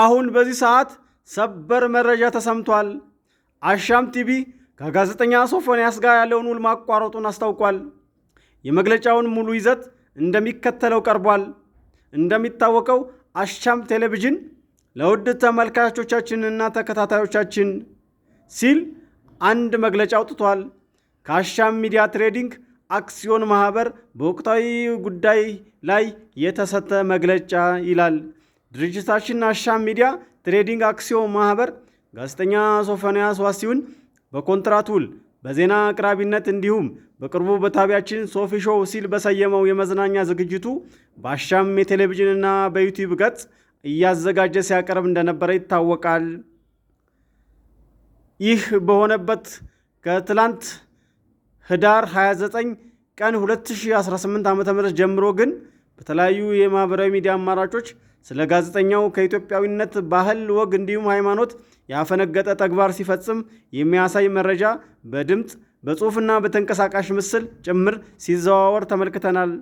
አሁን በዚህ ሰዓት ሰበር መረጃ ተሰምቷል። አሻም ቲቪ ከጋዜጠኛ ሶፎንያስ ጋር ያለውን ውል ማቋረጡን አስታውቋል። የመግለጫውን ሙሉ ይዘት እንደሚከተለው ቀርቧል። እንደሚታወቀው አሻም ቴሌቪዥን ለውድ ተመልካቾቻችንና ተከታታዮቻችን ሲል አንድ መግለጫ አውጥቷል። ከአሻም ሚዲያ ትሬዲንግ አክሲዮን ማህበር በወቅታዊ ጉዳይ ላይ የተሰጠ መግለጫ ይላል። ድርጅታችን አሻም ሚዲያ ትሬዲንግ አክሲዮን ማህበር ጋዜጠኛ ሶፎንያስ ዋሲሁን በኮንትራት ውል በዜና አቅራቢነት እንዲሁም በቅርቡ በጣቢያችን ሶፊ ሾው ሲል በሰየመው የመዝናኛ ዝግጅቱ በአሻም የቴሌቪዥንና በዩቲዩብ ገጽ እያዘጋጀ ሲያቀርብ እንደነበረ ይታወቃል። ይህ በሆነበት ከትላንት ህዳር 29 ቀን 2018 ዓ.ም ጀምሮ ግን በተለያዩ የማህበራዊ ሚዲያ አማራጮች ስለ ጋዜጠኛው ከኢትዮጵያዊነት ባህል፣ ወግ እንዲሁም ሃይማኖት ያፈነገጠ ተግባር ሲፈጽም የሚያሳይ መረጃ በድምፅ በጽሑፍና በተንቀሳቃሽ ምስል ጭምር ሲዘዋወር ተመልክተናል።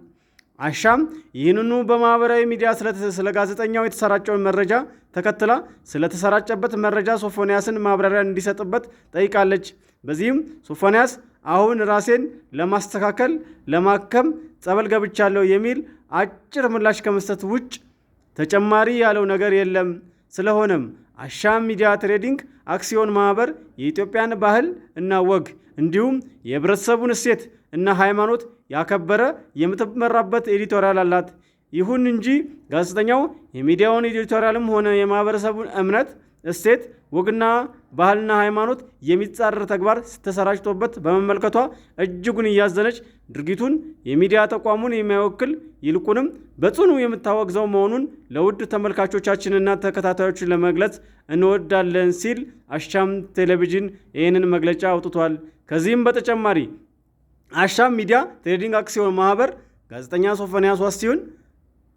አሻም ይህንኑ በማህበራዊ ሚዲያ ስለ ጋዜጠኛው የተሰራጨውን መረጃ ተከትላ ስለተሰራጨበት መረጃ ሶፎንያስን ማብራሪያ እንዲሰጥበት ጠይቃለች። በዚህም ሶፎንያስ አሁን ራሴን ለማስተካከል ለማከም ጸበል ገብቻለሁ የሚል አጭር ምላሽ ከመስጠት ውጭ ተጨማሪ ያለው ነገር የለም። ስለሆነም አሻም ሚዲያ ትሬዲንግ አክሲዮን ማህበር የኢትዮጵያን ባህል እና ወግ እንዲሁም የህብረተሰቡን እሴት እና ሃይማኖት ያከበረ የምትመራበት ኤዲቶሪያል አላት። ይሁን እንጂ ጋዜጠኛው የሚዲያውን ኤዲቶሪያልም ሆነ የማህበረሰቡን እምነት እሴት ወግና ባህልና ሃይማኖት የሚጻረር ተግባር ተሰራጭቶበት በመመልከቷ እጅጉን እያዘነች ድርጊቱን የሚዲያ ተቋሙን የሚያወክል ይልቁንም በጽኑ የምታወግዘው መሆኑን ለውድ ተመልካቾቻችንና ተከታታዮችን ለመግለጽ እንወዳለን ሲል አሻም ቴሌቪዥን ይህንን መግለጫ አውጥቷል። ከዚህም በተጨማሪ አሻም ሚዲያ ትሬዲንግ አክሲዮን ማህበር ጋዜጠኛ ሶፎንያስ ዋሲሁን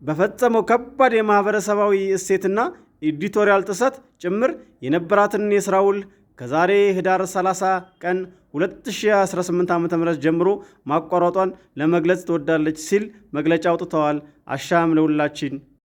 በፈጸመው ከባድ የማህበረሰባዊ እሴትና ኢዲቶሪያል ጥሰት ጭምር የነበራትን የስራ ውል ከዛሬ ህዳር 30 ቀን 2018 ዓ.ም ጀምሮ ማቋረጧን ለመግለጽ ትወዳለች ሲል መግለጫ አውጥተዋል። አሻም ለሁላችን